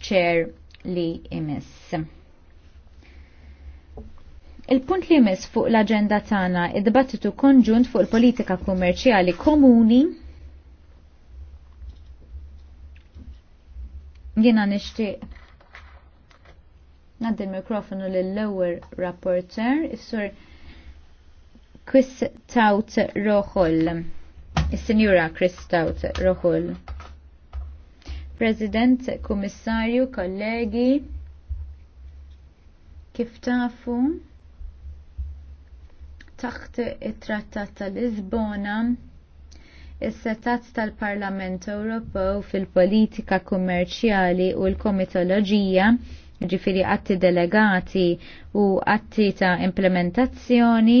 ċer li imiss. Il-punt li jmiss fuq l-agenda tagħna id-dibattitu konġunt fuq il-politika kummerċjali komuni jiena nixtieq l mikrofonu lill lower rapporter, is-sur Chris Taut Rohol, Is-Sinjura Chris Taut Rohol. President, Kummissarju, kollegi, kif tafu taħt it-Trattat tal-Lisbona is-setat tal-Parlament Ewropew fil-politika kummerċjali u l-komitoloġija ġifiri atti delegati u atti ta' implementazzjoni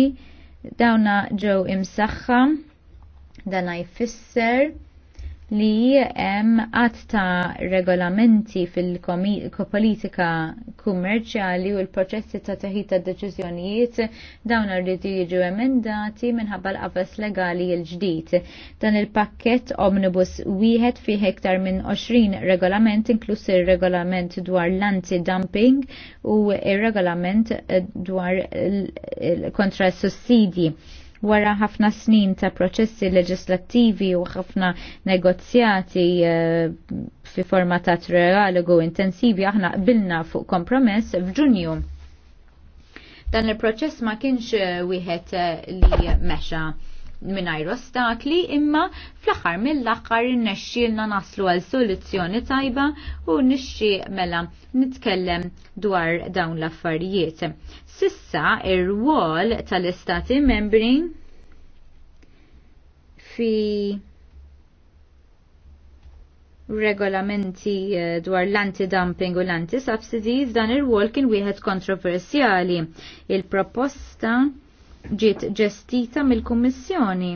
dawna ġew imsaħħa dan jfisser li hemm qatt ta' regolamenti fil-politika kummerċjali u l-proċessi ta' teħid ta' deċiżjonijiet dawn rridu jiġu emendati minħabba l-qafas legali l-ġdid. Dan il-pakkett omnibus wieħed fih iktar minn 20 regolament inkluż ir-regolament dwar l-anti-dumping u ir-regolament dwar kontra s sussidji wara ħafna snin ta' proċessi leġislattivi u ħafna negozjati eh, fi forma ta' trialogu intensivi aħna qbilna fuq kompromess f'Ġunju. Dan il-proċess ma kienx eh, wieħed eh, li mexa mingħajr ostakli imma fl-aħħar mill-aħħar nexxielna naslu għal soluzzjoni tajba u nixxieq mela nitkellem dwar dawn l-affarijiet. Sissa ir-wol tal-istati membri fi regolamenti eh, dwar l-anti-dumping u l-anti-subsidies dan ir wol kien wieħed kontroversjali. Il-proposta ġiet ġestita mill-Kummissjoni.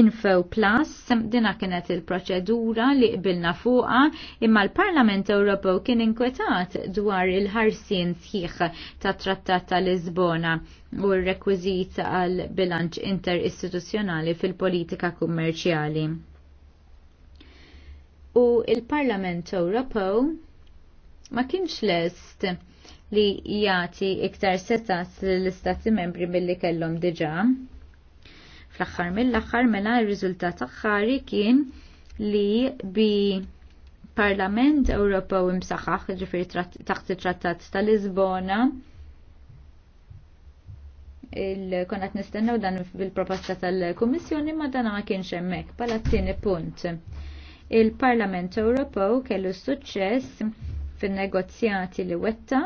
Info Plus dina kienet il-proċedura li qbilna fuqa imma l-Parlament Ewropew kien inkwetat dwar il-ħarsien sħiħ ta' Trattat ta' Lisbona u r-rekwiżit għal bilanċ interistituzzjonali fil-politika kummerċjali. U il-Parlament Ewropew ma kienx lest li jagħti iktar setat l-istati membri billi kellhom diġà. Fl-aħħar mill-aħħar mela r-riżultat aħħari kien li bi Parlament Ewropew imsaħħaħ ġifieri taħt it-Trattat ta' Lisbona il-konat nistennew dan bil-proposta tal-Kummissjoni ma dan ma kienx hemmhekk bħala t-tieni punt. Il-Parlament Ewropew kellu suċċess fin-negozjati li wetta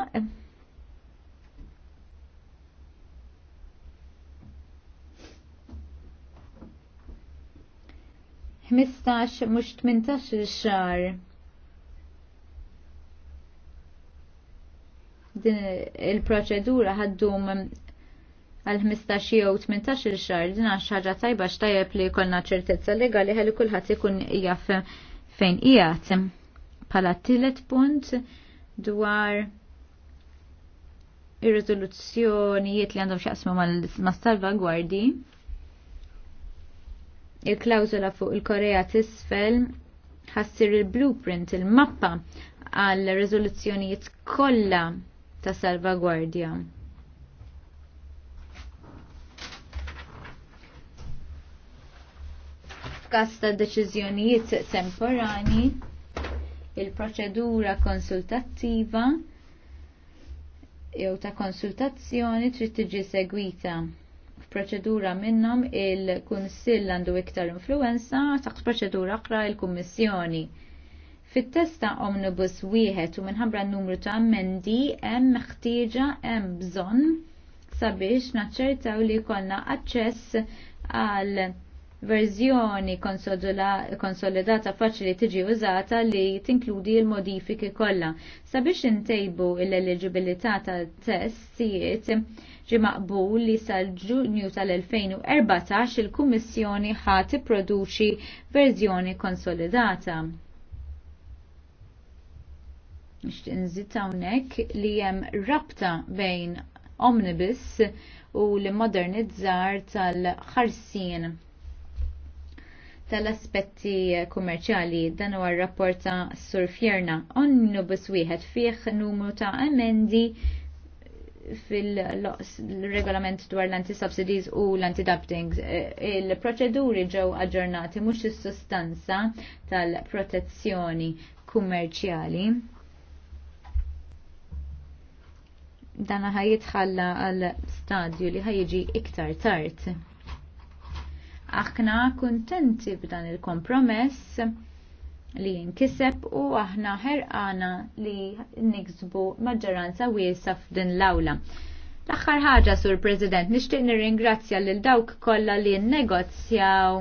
Mistax mux 18 xar din il-proċedura ħaddum għal 15 jew 18 xar din għax ħaġa tajba xtajab li jkollna ċertezza legali ħalli kulħadd ikun jaf fejn qiegħed. Pala tillet punt dwar ir-rizoluzzjonijiet li għandhom xaqsmu mal-salvagwardi. Il-klawzola fuq il-Korea tisfel ħassir il-blueprint, il-mappa għal rizoluzzjonijiet kollha ta' salvagwardja. F'każ ta' deċiżjonijiet temporani il-proċedura konsultattiva jew ta' konsultazzjoni trid tiġi segwita f'proċedura minnhom il-Kunsill għandu iktar influenza taħt proċedura oħra il-Kummissjoni. Fit-testa omnibus wieħed u minħabba n-numru ta' ammendi hemm meħtieġa hemm bżonn sabiex naċċertaw li jkollna aċċess għal verżjoni konsolidata faċli tiġi użata li tinkludi l-modifiki kollha. Sabiex intejbu l-eligibilità tal-testijiet ġi maqbul li sal-ġunju tal-2014 il-Kummissjoni ħadd tipproduċi verżjoni konsolidata. Nżid hawnhekk li hemm rabta bejn omnibus u l-modernizzar tal-ħarsien tal-aspetti kummerċali dan huwa r-rapport ta' Sur Fjerna onnu bis wieħed fih numru ta' emendi fil-regolament dwar l-anti-subsidies u l-anti-dumping. E, il-proċeduri ġew aġġornati mhux is-sustanza tal-protezzjoni kummerċjali. Dan ħajitħalla għal stadju li ħajġi iktar tard. Aħna kuntenti b'dan il-kompromess li jinkiseb u aħna ħerqana li niksbu maġġoranza wiesa f'din l-awla. L-aħħar ħaġa, Sur President, nixtieq nirringrazzja lil dawk kollha li nnegozjaw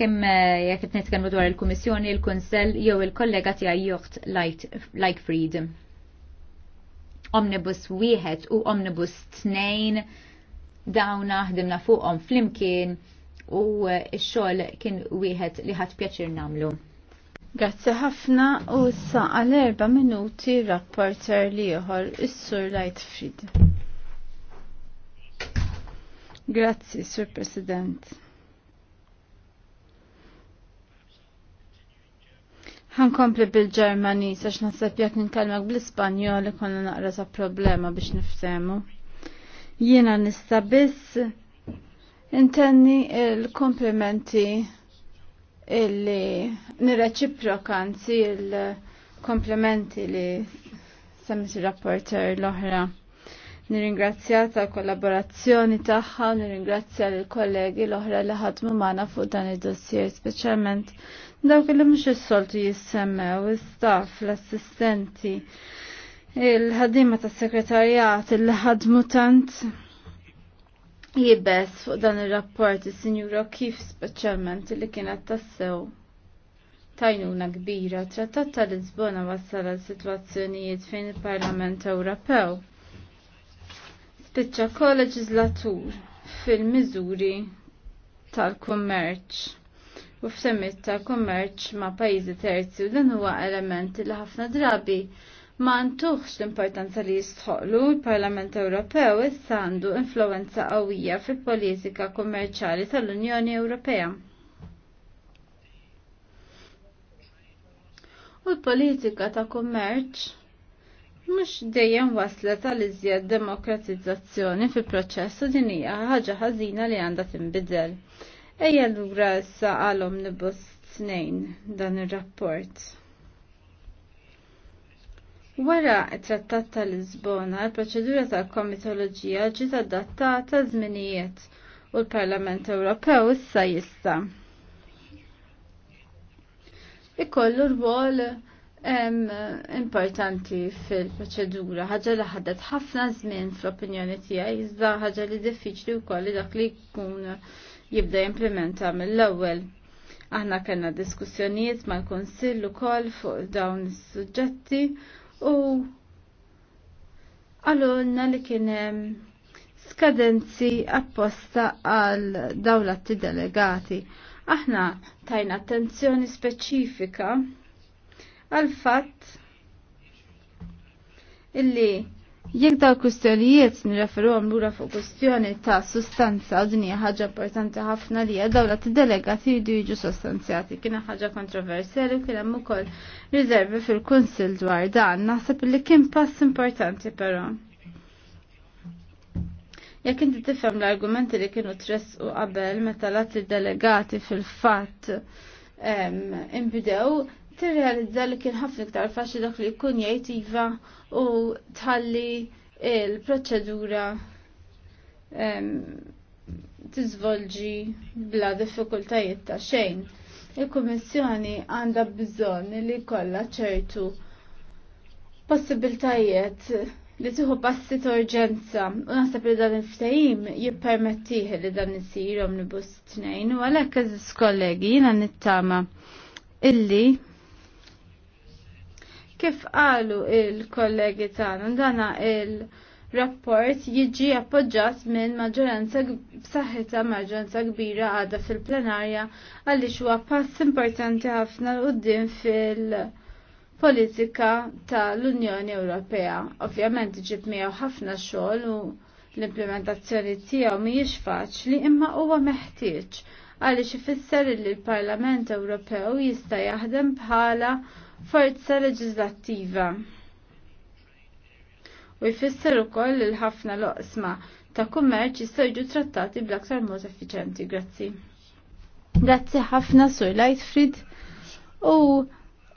kemm eh, jekk qed nitkellmu dwar il-Kummissjoni, il-Kunsell jew il-kollega tiegħi joħt like Freedom. Omnibus wieħed u Omnibus tnejn dawna ħdimna fuqhom flimkien u x-xogħol kien wieħed li ħadd pjaċir nagħmlu. Grazzi ħafna u sa għal erba minuti rapporter li ieħor, is-Sur Lightfried. Grazzi, Sur President. Ħankompli bil-Ġermani, sax nasab jak ninkalmak bl-Ispanjol konna naqra sa' problema biex niftemu. Jiena nista biss intenni il-komplimenti illi nirreċiprokanzi anzi il-komplimenti li semmit il-rapporter l-oħra. Nirringrazzja ta' kollaborazzjoni tagħha, nirringrazzja l kollegi l-oħra li ħadmu magħna fuq dan id-dossier, speċjalment dawk li mhux is-soltu jissemmew, is-staff, l-assistenti, il-ħaddima tas sekretarjat il ħad mutant jibes fuq dan il-rapport il-Sinjura kif speċjalment li kienet tassew tajnuna kbira trattat ta' lisbona wassal għal situazzjonijiet fejn il-Parlament Ewropew spiċċa koleġislatur fil-miżuri tal-kummerċ u f'semmit tal-kummerċ ma' pajjiżi terzi u dan huwa element li ħafna drabi ma ntuħx l-importanza li jistħoqlu il-Parlament Ewropew issa għandu influenza qawwija fil-politika kummerċjali tal-Unjoni Ewropea. U l-politika ta' kummerċ mhux dejjem waslet għal iżjed demokratizzazzjoni fil-proċess u din hija ħaġa ħażina li għandha tinbidel. Ejja lura issa għal omnibus 2 dan ir-rapport. Wara trattat tal Lisbona, il-proċedura tal komitoloġija ġiet adattata żminijiet u l-Parlament Ewropew issa jista. Ikollu rwol importanti fil-proċedura, ħaġa li ħadet ħafna żmien fl-opinjoni tiegħi, iżda ħaġa li diffiċli wkoll li dak li jkun jibda jimplementa mill-ewwel. Aħna kellna diskussjonijiet mal-Kunsill ukoll fuq dawn is-suġġetti u għallunna li kienem skadenzi apposta għal dawlatti delegati. Aħna tajna attenzjoni speċifika għal fatt illi Jekk daw kustjonijiet għam lura fuq kustjoni ta' sustanza u din hija ħaġa importanti ħafna li dawla t-delegati jidu jiġu sostanzjati. Kiena ħaġa kontroversjali u kien hemm ukoll riservi fil-Kunsill dwar dan. Naħseb li kien pass importanti però. Jekk inti tifhem l-argumenti li kienu tressqu qabel meta lat delegati fil-fatt imbidew tirrealizza li kien ħafna iktar faċli dak li jkun jgħid iva u tħalli il-proċedura tiżvolġi bla diffikultajiet ta' xejn. Il-Kummissjoni għandha bżonn li kollha ċertu possibiltajiet li tieħu passi ta' urġenza u naħseb li dan il-ftajim jippermettih li dan isir omnibus tnejn u għalhekk eżis kollegi jiena nittama illi Kif qalu il-kollegi tagħna dana il-rapport jiġi appoġġat minn maġġoranza b'saħħitha maġġoranza kbira għadha fil-plenarja għaliex huwa pass importanti ħafna l qudiem fil- politika tal-Unjoni Ewropea. Ovvjament ġib miegħu ħafna xogħol u l-implementazzjoni tiegħu mhijiex faċli imma huwa meħtieġ għaliex ifisser li l-Parlament Ewropew jista' jaħdem bħala forza leġislattiva. U jfisser ukoll il ħafna loqsma ta' kummerċ jistgħu jiġu trattati bl-aktar mod effiċenti. Grazzi. Grazzi ħafna sur Lightfried u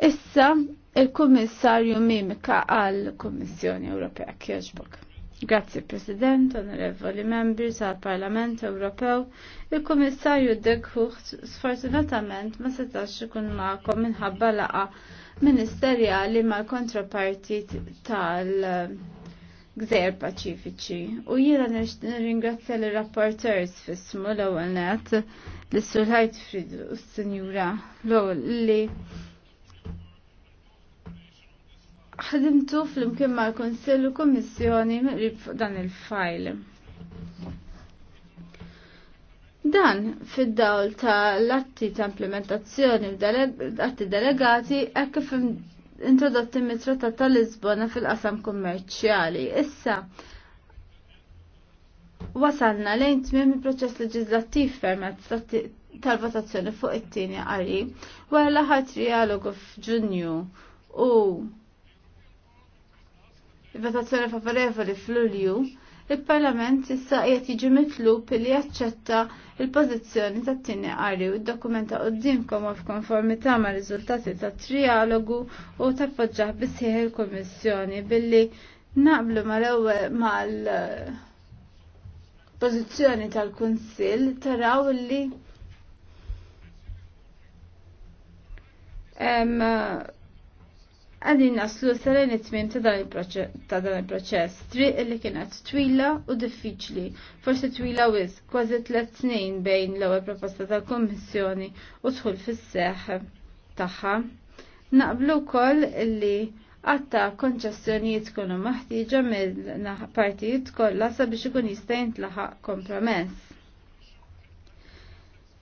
issa il-Kummissarju Mimika għal-Kummissjoni Ewropea kieġbok. Grazzi President, onorevoli membri tal-Parlament Ewropew, il-Kummissarju Degħuħt sfortunatament ma setax ikun ma'kom minħabba laqa ministerjali mal-kontraparti tal-Gżer Paċifiċi. U jiena nirringrazzja l rapporteurs fissmu l-ewwel net l-Sur frid u s-Sinjura l-ewwel li ħadimtu fl-imkien mal-Konsillu Kommissjoni dan il-fajl. Dan fid-dawl ta' l-atti ta' implementazzjoni l-atti delegati hekk kif introdotti mit-Trattat ta' Lisbona fil-qasam kummerċjali. Issa wasalna lejn tmiem il-proċess leġislattiv permezz tal-votazzjoni fuq it-tieni qari wara l-aħħar trialogu f'Ġunju u votazzjoni favorevoli f'Lulju il-Parlament issa qiegħed jiġi mitlub li jaċċetta il-pożizzjoni tat-tieni qari u d-dokumenta qudiemkom f'konformità mar riżultati tat-trialogu u tappoġġah bisħieħ il-Kummissjoni billi naqblu mal-ewwel mal pożizzjoni tal-Kunsill taraw li għadin naslu s sarajn it-tmim ta' dan il-proċess, triq li kienet twila u diffiċli, forsi twila wis, kważi tlet snin bejn l-ewwel proposta tal-Kommissjoni u tħul fis-seħ tagħha. Naqblu wkoll li għatta konċessjonijiet kunu maħtieġa mill-partijiet kollha sabiex ikun jista' jintlaħaq kompromess.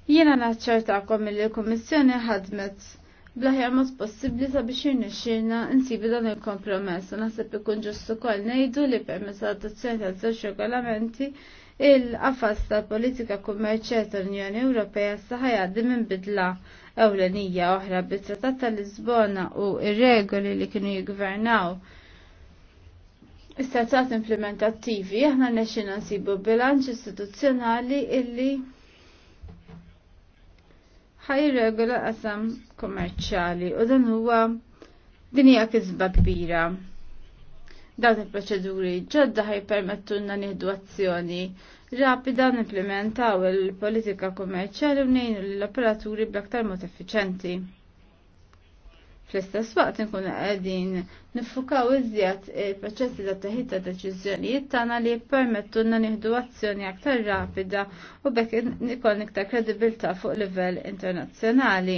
Jiena naċċertakom mill l-Kummissjoni ħadmet blaħjar mod possibbli sabiex jirnexxina insibu dan il-kompromess u naħseb ikun ġustu ukoll ngħidu li permezz l-adozzjoni ta' żewġ regolamenti il-qafas tal-politika kummerċjali tal-Unjoni Ewropea saħħa jgħaddi minn bidla ewlenija oħra bit-Trattat tal-Lisbona u ir-regoli li kienu jiggvernaw istazzat implementattivi aħna nexxina nsibu bilanċ istituzzjonali illi ħajregola qasam kommerċjali u dan huwa din hija kisba kbira. Dawn il-proċeduri ġodda ħajpermettulna nieħdu azzjoni rapida nimplementaw il-politika kommerċjali u nejnu l-operaturi bl-aktar mod effiċenti. Fl-istess waqt nkun qegħdin niffukaw iżjed il-proċessi ta' teħid ta' deċiżjonijiet tagħna li jippermettulna nieħdu azzjoni aktar rapida u bekk ikoll iktar kredibilità fuq livell internazzjonali.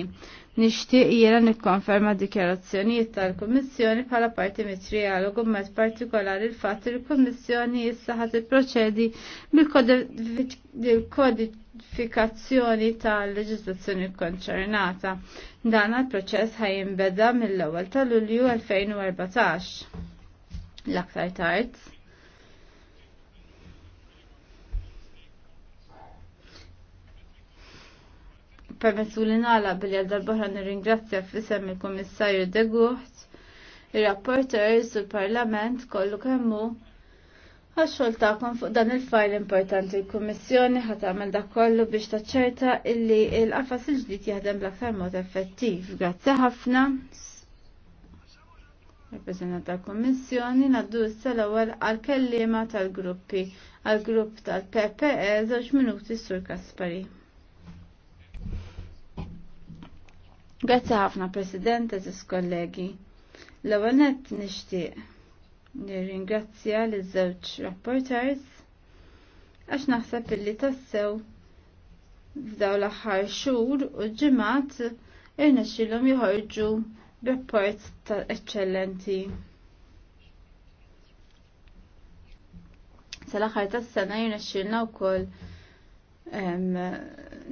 Nixtieq jira nikkonferma dikjarazzjonijiet tal-Kummissjoni bħala parti mit-trialogu mat partikolari l-fatt li l-Kummissjoni issa il-proċedi bil-kodifikazzjoni tal-leġiżlazzjoni konċernata. Dan l proċess beda mill-ewwel ta' Lulju 2014. L-aktar tard. permessu li nala billi għal-darbaħra nir-ingrazzja fissem il-Komissarju de Gucht, il-rapporters u l-Parlament kollu kemmu għaxxol ta'kom fuq dan il-fajl importanti il komissjoni ħat għamel da kollu biex taċċerta illi il-qafas il-ġdid jaħdem bl fermot mod effettiv. Grazie ħafna Rappresenta tal komissjoni naddu s-sal-ewwel għal-kellima tal-gruppi għal-grupp tal-PPE żewġ minuti sur Kaspari. Grazzi ħafna President, eżis kollegi. L-ewwel nett nixtieq nirringrazzja l żewġ rapporters għax naħseb illi tassew f'daw l-aħħar xhur u ġimgħat irnexxilhom joħorġu rapports ta' eċċellenti. Sal-aħħar tas-sena jirnexxilna wkoll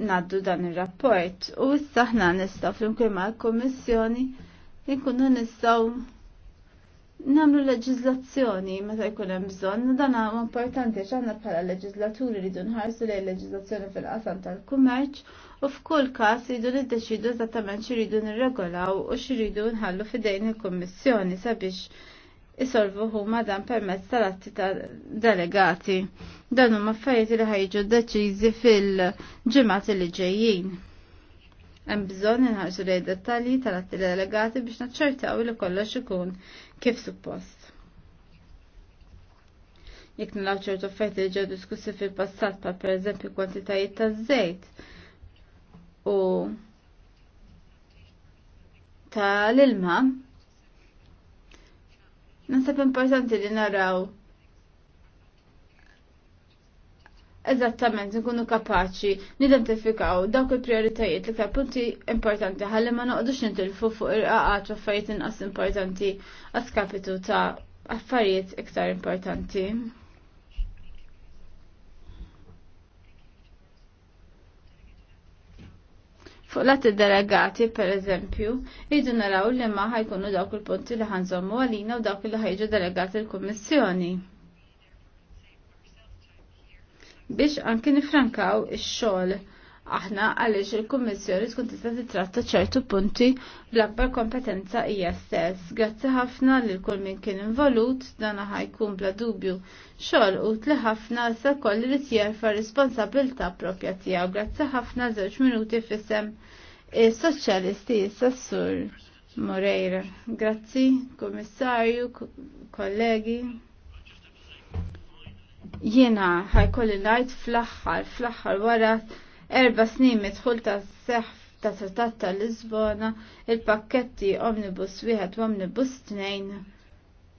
naddu dan il-rapport u issa saħna nistaw flimkien ma' kommissjoni nkunu nistaw namlu leġizlazzjoni meta jkun hemm bżonn dan huwa importanti għax aħna bħala leġizlaturi rridu nħarsu lejn leġizlazzjoni fil-qasam tal-kummerċ u f'kull każ jridu niddeċidu eżattament x'iridu nirregolaw u x'iridu nħallu fidejn il-Kummissjoni sabiex isolvu huma dan permezz tal-atti ta' delegati. Dan huma affarijiet li ħajġu deċiżi fil-ġimgħat li ġejjin. Hemm bżonn inħarsu lejn dettalji tal-atti delegati biex naċċertaw li kollox ikun kif suppost. Jekk nilgħu ċertu affarijiet li ġew diskussi fil-passat pa' pereżempju kwantitajiet ta' żejt u tal-ilma Nasab importanti li naraw Eżattament, nkunu kapaċi nidentifikaw dawk il-prioritajiet li punti importanti ħalli ma noqdux nintilfu fuq ir-qaqat u affarijiet inqas importanti għaskapitu ta' affarijiet iktar importanti. Fuq lat delegati per eżempju, jidu naraw li ma ħajkunu dawk il-punti li ħanżommu għalina u dawk li ħajġu delegati l-Kummissjoni. Biex anki nifrankaw ix-xogħol aħna għaliex il-Kummissjoni tkun tista' titratta ċertu punti bl-akbar kompetenza hija stess. Grazzi ħafna lil kull min kien involut dan ħajkun bla dubju xogħol tli ħafna sa kolli li tjerfa responsabilità propja tiegħu. Grazzi ħafna żewġ minuti f'isem is-soċjalisti issa sur Moreira. Grazzi, Kummissarju, kollegi. Jiena ħajkolli ngħid fl-aħħar, fl-aħħar wara erba snin midħul ta' seħf ta' trattat ta' Lisbona, il-pakketti Omnibus 1 u Omnibus 2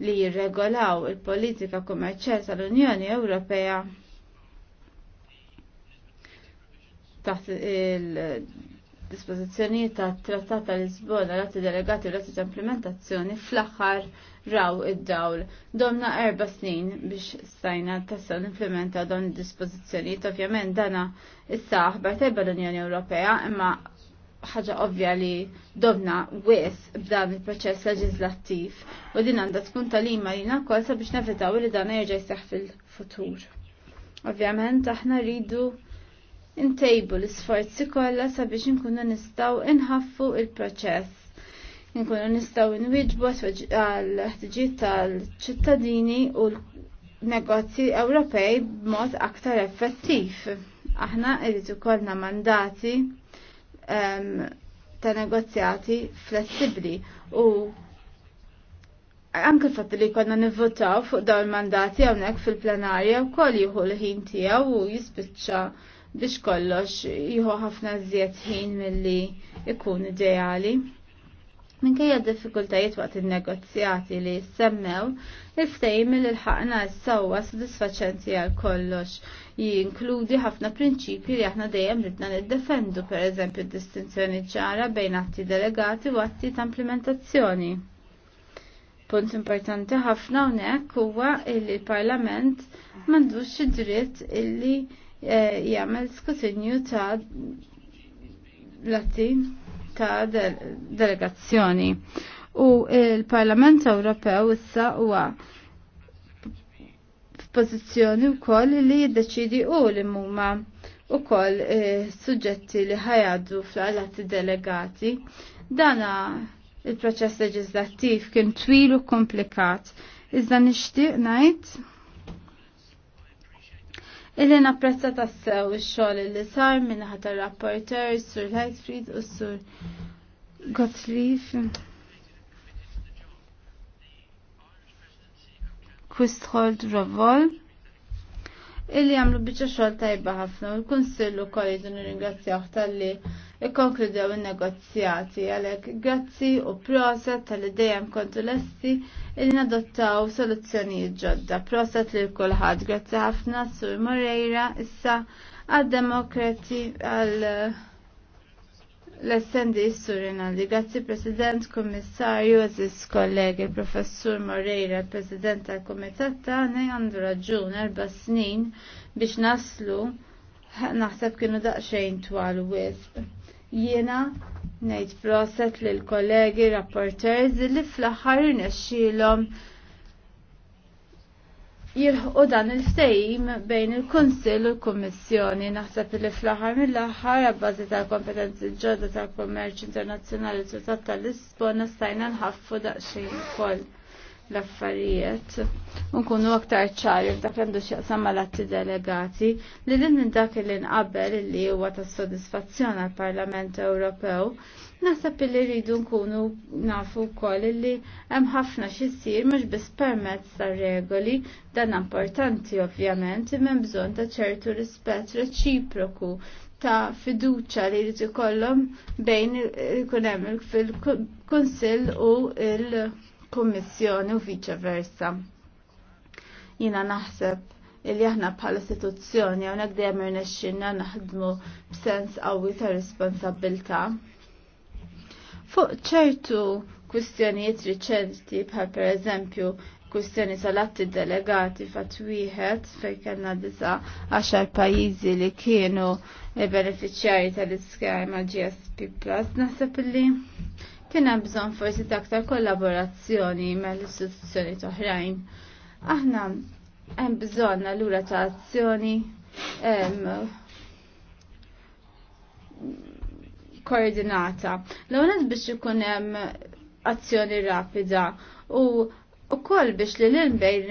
li jirregolaw il-politika kummerċjali tal-Unjoni Ewropea taħt il-dispożizzjonijiet ta' trattat ta' Lisbona, rati delegati u rati ta' implementazzjoni fl-aħħar raw id-dawl. Domna erba snin biex stajna tassaw implementa dawn id-dispożizzjonijiet. Ovvjament dana issa aħbar tajba l-Unjoni Ewropea imma ħaġa ovvja li domna wis b'dan il-proċess leġislattiv u din għandha tkun talima li kol sabiex nevitaw li dana jerġa' jseħħ fil-futur. Ovvjament aħna rridu intejbu l-isforzi kollha sabiex inkunu nistgħu inħaffu il-proċess nkunu nistgħu nwiġbu għal ħtiġijiet tal-ċittadini u l-negozji Ewropej b'mod aktar effettiv. Aħna irrid ukollna mandati um, ta' negozjati flessibbli u anke fatt li konna nivvotaw fuq dawn il-mandati hawnhekk fil-plenarja wkoll jieħu l-ħin tiegħu u jispiċċa biex kollox jieħu ħafna żjed ħin milli ikun ideali. Minkejja diffikultajiet waqt il-negozjati li semmew, il-ftejim li l-ħaqna s-sawa għal kollox, jinkludi ħafna prinċipi li aħna dejjem ridna nid-defendu, per eżempju distinzjoni ċara bejn atti delegati u atti ta' implementazzjoni. Punt importanti ħafna unek huwa li l-Parlament mandux id-dritt illi eh, jagħmel skutinju ta' latin ta' delegazzjoni. U il-Parlament Ewropew issa huwa f'pożizzjoni wkoll li jiddeċidi u li huma wkoll eh, suġġetti li ħajadu fl għalat delegati. Dana il-proċess leġislattiv kien twil u komplikat. Iżda nixtieq ngħid Illi napprezza tassew il-xol li sar minnaħa tar-rapporter Sur Lightfried u Sur Gottlieb. Kustħold Ravol illi għamlu bieċa xol tajba ħafna u l konsillu kolli ukoll ringrazzjaħ tal-li ikkonkludew in-negozjati għalhekk grazzi u proset tal idejem kontu lesti li nadottaw soluzzjonijiet ġodda. Proset lil kulħadd grazzi ħafna Sur Moreira issa għad-demokrati għal L-essendi s-surinaldi, grazzi President, Kommissarju, Aziz kollegi, Professur Moreira, President tal Komitat tani għandu raġun erba snin biex naslu naħseb kienu daqxejn twal wisq. Jiena ngħid proset lil kollegi rapporters li fl-aħħar nexxielhom jilħu dan il-ftejim bejn il-Kunsill u l-Kummissjoni naħseb li fl-aħħar mill-aħħar għabbażi tal-kompetenzi ġodda tal-kummerċ internazzjonali trattat tal-Lisbona stajna nħaffu daqsxejn ukoll l-affarijiet unkunu aktar ċari f'dak l-għandu xieqsam mal-atti delegati li l minn dak li nqabbel li huwa ta' soddisfazzjon għal Parlament Ewropew naħseb li rridu nkunu nafu wkoll li hemm ħafna x'issir mhux biss permezz tar-regoli dan importanti ovvjament imma bżonn ta' ċertu rispett reċiproku ta' fiduċa li jrid ikollhom bejn ikun hemm fil-Kunsill u il- kummissjoni u vice versa. Jina naħseb illi aħna bħala istituzzjoni hawnhekk dejjem irnexxinna naħdmu b'sens qawwi ta' responsabilità. Fuq ċertu kwistjonijiet riċenti bħal pereżempju kwistjoni tal-atti delegati fat wieħed fejn kellna disa għaxar pajjiżi li kienu beneficjari tal-iskema GSP Plus naħseb illi kien hemm bżonn forsi taktar kollaborazzjoni mal-istituzzjoni oħrajn. Aħna hemm bżonn allura ta' azzjoni koordinata. L-għonet biex ikun hemm azzjoni rapida u u koll biex li l-inbejn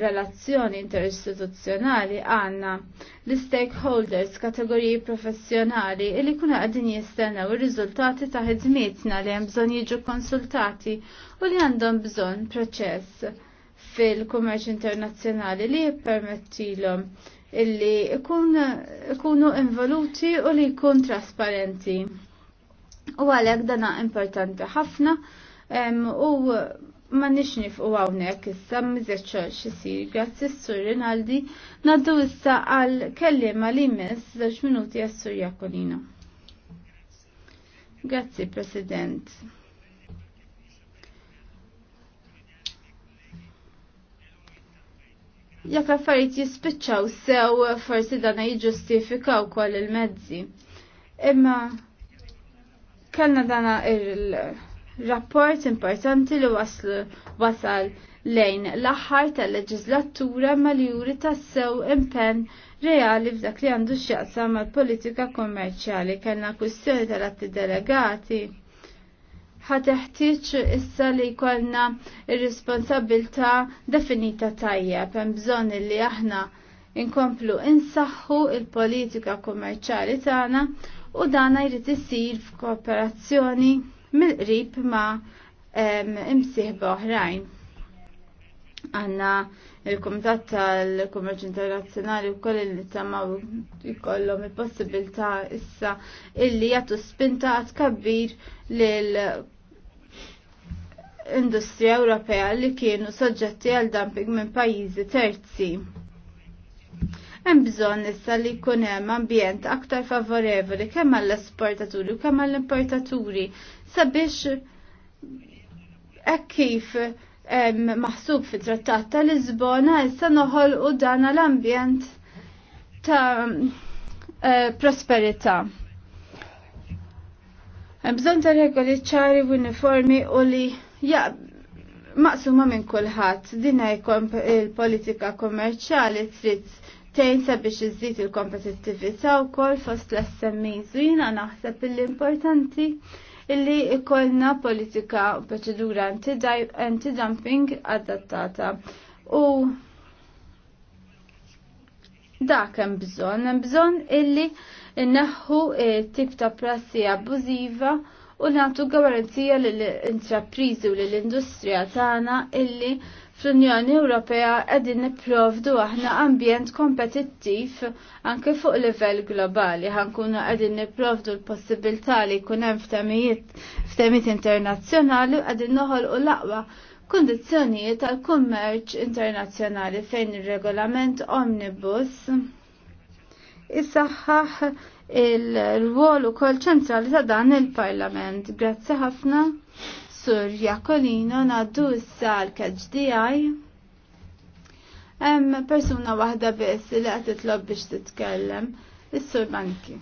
relazzjoni interistituzzjonali għanna l-stakeholders kategoriji professjonali li kuna għadin jistennew il-rizultati ta' ħidmietna li jemżon jiġu konsultati u li għandhom bżon proċess fil-kummerċ internazzjonali li jippermettilhom illi ikunu involuti u li jkun trasparenti. U għalek dana importanti ħafna u ma nix nifqu għawnek issa mizet xorx jisir. Grazzi s-sur Rinaldi. Naddu issa għal kellima li mis zaġ minuti għas-sur Jakolina. Grazzi, President. Jekk affarijiet jispiċċaw sew forsi dan jiġġustifikaw kol il-mezzi. Imma kellna dana il- rapport importanti li waslu wasal lejn l-aħħar tal-leġislatura mal-juri tassew impenn reali f'dak li għandu x'jaqsam mal-politika kommerċjali kellna kwistjoni tal-atti delegati ħateħtieġ issa li jkollna ir-responsabilità definita tajjeb hemm bżonn li aħna inkomplu insaħħu il-politika kummerċjali tagħna u dana jrid isir f'kooperazzjoni mill-qrib ma' imsieħba oħrajn. Għanna il-Komitat tal-Kummerċ Internazzjonali u koll li tamaw jkollhom il-possibilità issa illi jagħtu spinta għad kabbir lil industrija Ewropea li kienu soġġetti għal dumping minn pajjiżi terzi. Hemm bżonn issa li jkun hemm ambjent aktar favorevoli kemm għall-esportaturi u kemm għall-importaturi sabiex hekk kif maħsub fit trattat ta' Lisbona issa noħolqu dan l-ambjent ta' eh, prosperità. Hemm bżonn ta' regoli ċari u uniformi u li ja maqsuma minn kulħadd din jkun il-politika kommerċjali trid tejn sabiex iżżid il-kompetittività wkoll fost l-SMEs u naħseb l-importanti illi ikollna politika u proċedura anti-dumping adattata. U dak hemm bżonn, hemm bżonn illi inneħħu tip ta' prassi abbużiva u nagħtu garanzija lill-intrapriżi u lill-industrija tagħna illi Fl-Unjoni Ewropea qegħdin nipprovdu aħna ambjent kompetittiv anke fuq livell globali. Ħankunu qegħdin nipprovdu l-possibilità li jkun hemm ftemijiet internazzjonali qegħdin noħolqu l-aqwa kundizzjonijiet tal kummerċ internazzjonali fejn ir-regolament omnibus isaħħaħ il-rwol ukoll ċentrali ta' dan il-Parlament. Grazzi ħafna. Sur Jakolino naddu s l kħġdijaj. Hemm persuna wahda bis li għat titlob biex titkellem, s sur Banki.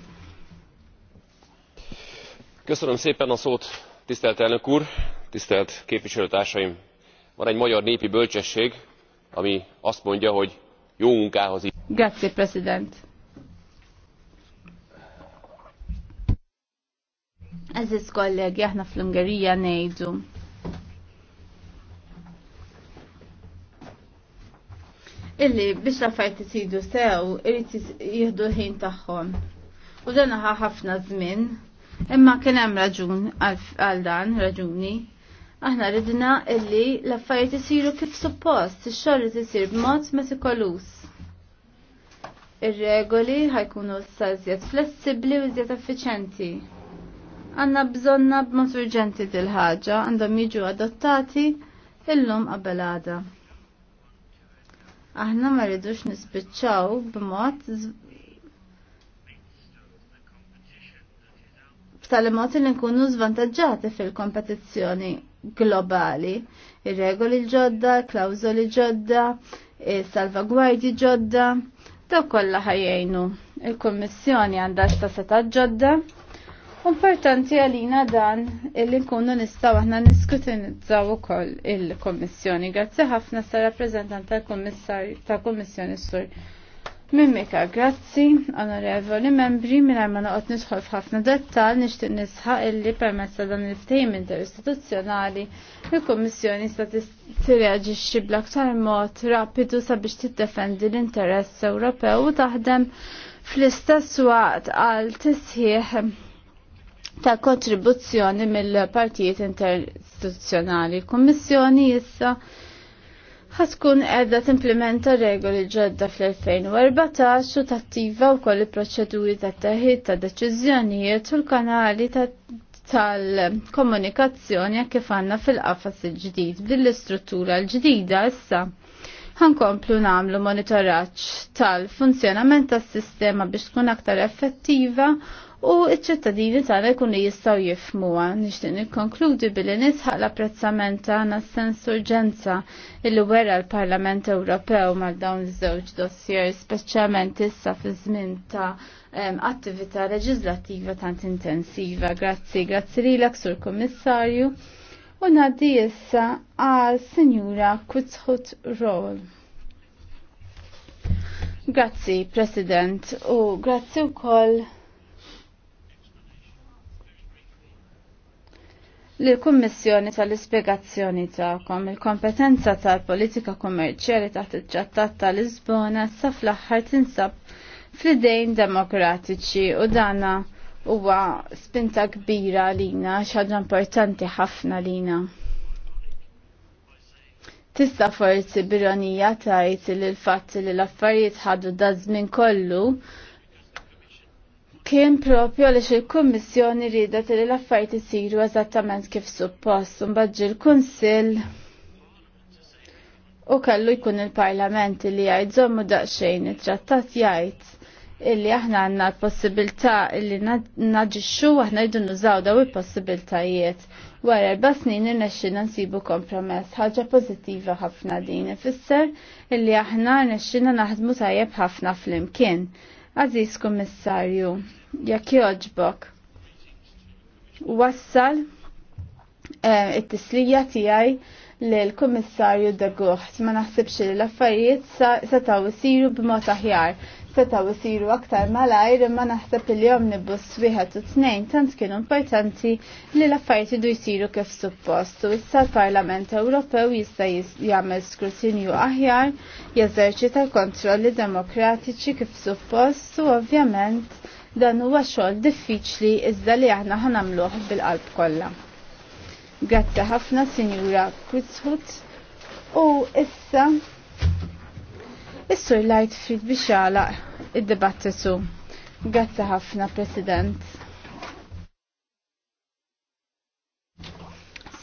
Köszönöm szépen a szót, tisztelt elnök úr, tisztelt képviselőtársaim! Van egy magyar népi bölcsesség, ami azt mondja, hogy jó munkához... Grazie, President! Aziz kollegi, aħna fl-Ungerija nejdu. Illi biex l-affarijiet isidu sew, irid jieħdu l-ħin tagħhom. U dan ħafna żmien, imma kien hemm raġun għal dan, raġuni. Aħna ridna illi l-affarijiet isiru kif suppost, ix-xogħol isir b'mod ma tikolus ir-regoli ħajkunu s-sazjet flessibli u zjet effiċenti għanna bżonna b'mod urġenti dil-ħaġa għandhom jiġu adottati illum qabel għada. Aħna ma rridux nispiċċaw b'mod b'tal-mod li nkunu zvantagġati fil-kompetizzjoni globali. Ir-regoli ġodda, klawżoli ġodda, salvagwardji ġodda, daw kollha ħajjejnu. Il-Kummissjoni għandha ta' seta' ġodda Importanti għalina dan illi nkunu nistaw aħna niskutinizzaw ukoll il komissjoni Grazzi ħafna sa rappreżentant tal-Kummissar tal-Kummissjoni Sur. Mimika, grazzi, onorevoli membri, minn ma noqgħod nidħol f'ħafna dettal nixtieq nisħaq illi permessa dan il ftejm interistituzzjonali il-Kummissjoni sta tirreaġixxi bl-aktar mod rapidu sabiex tiddefendi l-interess Ewropew u taħdem fl-istess waqt għal tisħieħ ta' kontribuzzjoni mill-partijiet interistituzzjonali. Il-Kommissjoni issa ħatkun edha timplementa regoli ġodda fl-2014 u tattiva u koll proċeduri ta' taħid ta' deċiżjonijiet u l-kanali tal-komunikazzjoni kif għanna fil-qafas il-ġdid bil-istruttura l-ġdida issa. Ħankomplu namlu monitoraċ tal-funzjonament tas-sistema biex tkun aktar effettiva u iċ-ċittadini tagħna jkunu jistgħu jifhmuha. Nixtieq nikkonkludi billi nisħaq l-apprezzament tagħna sens urġenza illi wera l-Parlament Ewropew mal dawn iż-żewġ dossier, speċjalment issa fi żmien ta' attività leġislattiva tant intensiva. Grazzi, grazzi lilek sur Kummissarju. U ngħaddi issa għal Sinjura Kutzħut Roll. Grazzi, President, u grazzi wkoll l-Kummissjoni tal-Ispiegazzjoni tagħkom il-kompetenza tal-politika kummerċjali taħt it-Trattat tal-Lisbona sa fl-aħħar tinsab fl-idejn demokratiċi u dana huwa spinta kbira lina ħaġa importanti ħafna lina. Tista' forsi bironija tajt li l-fatt li l-affarijiet ħadu daż żmien kollu kien propju għaliex il-Kummissjoni rida li l-affarijiet isiru eżattament kif suppost u mbagġi l-Kunsill u kellu jkun il-Parlament li jgħid żommu daqsxejn it-trattat jgħid illi aħna għandna l-possibilità illi naġixxu aħna jdu nużaw daw il-possibilitajiet wara erba' snin irnexxina nsibu kompromess ħaġa pożittiva ħafna din ifisser illi aħna rnexxina naħdmu tajjeb ħafna flimkien Aziz Kommissarju, jekk joġbok, wassal eh, it-tislija tiegħi l-Kummissarju Daguħt ma naħsibx li l-affarijiet setgħu jsiru b'mod aħjar setaw isiru aktar malajr imma naħseb li omnibus wieħed u tnejn tant kienu importanti li l-affarijiet idu jsiru kif suppost u issa l-Parlament Ewropew jista' jagħmel skrutinju aħjar, jeżerċita kontrolli demokratiċi kif suppost u ovvjament dan huwa xogħol diffiċli iżda li aħna ħanamluh bil-qalb kollha. Grazzi ħafna, Sinjura Kutzhut. U issa Is-sur Lightfield biex jalaq id-dibattitu. Grazzi ħafna, President.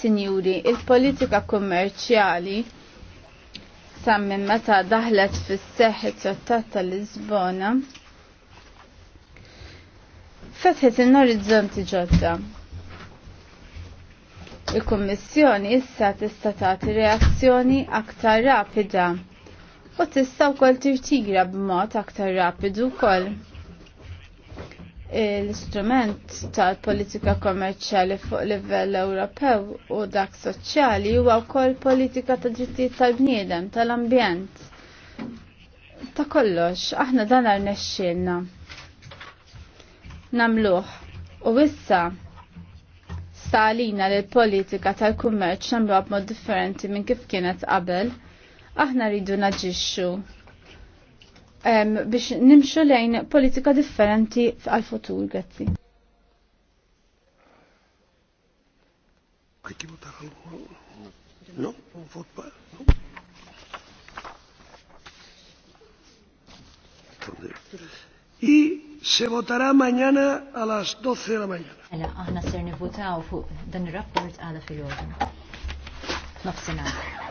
Signuri, il-politika kummerċjali sa minn meta daħlet fis-seħħ it-Trattat tal-Lisbona fetħet in-orizzonti ġodda. Il-Kummissjoni issa tista' tagħti reazzjoni aktar rapida u tista' wkoll tirtira b'mod aktar rapidu wkoll. L-istrument tal-politika kommerċjali fuq livell Ewropew u dak soċjali huwa wkoll politika ta' drittijiet tal-bniedem, tal-ambjent. Ta' kollox, aħna dan arnexxielna. Namluh. U issa salina li l-politika tal-kummerċ nagħmluha b'mod differenti minn kif kienet qabel aħna rridu naġixxu um, biex nimxu lejn politika differenti għal-futur, għazzi. No, I se votará mañana a las 12 de la mañana. Ela, aħna ser nivotaw fuq dan ir-rapport għada fil-ħodu. Nofsinhar.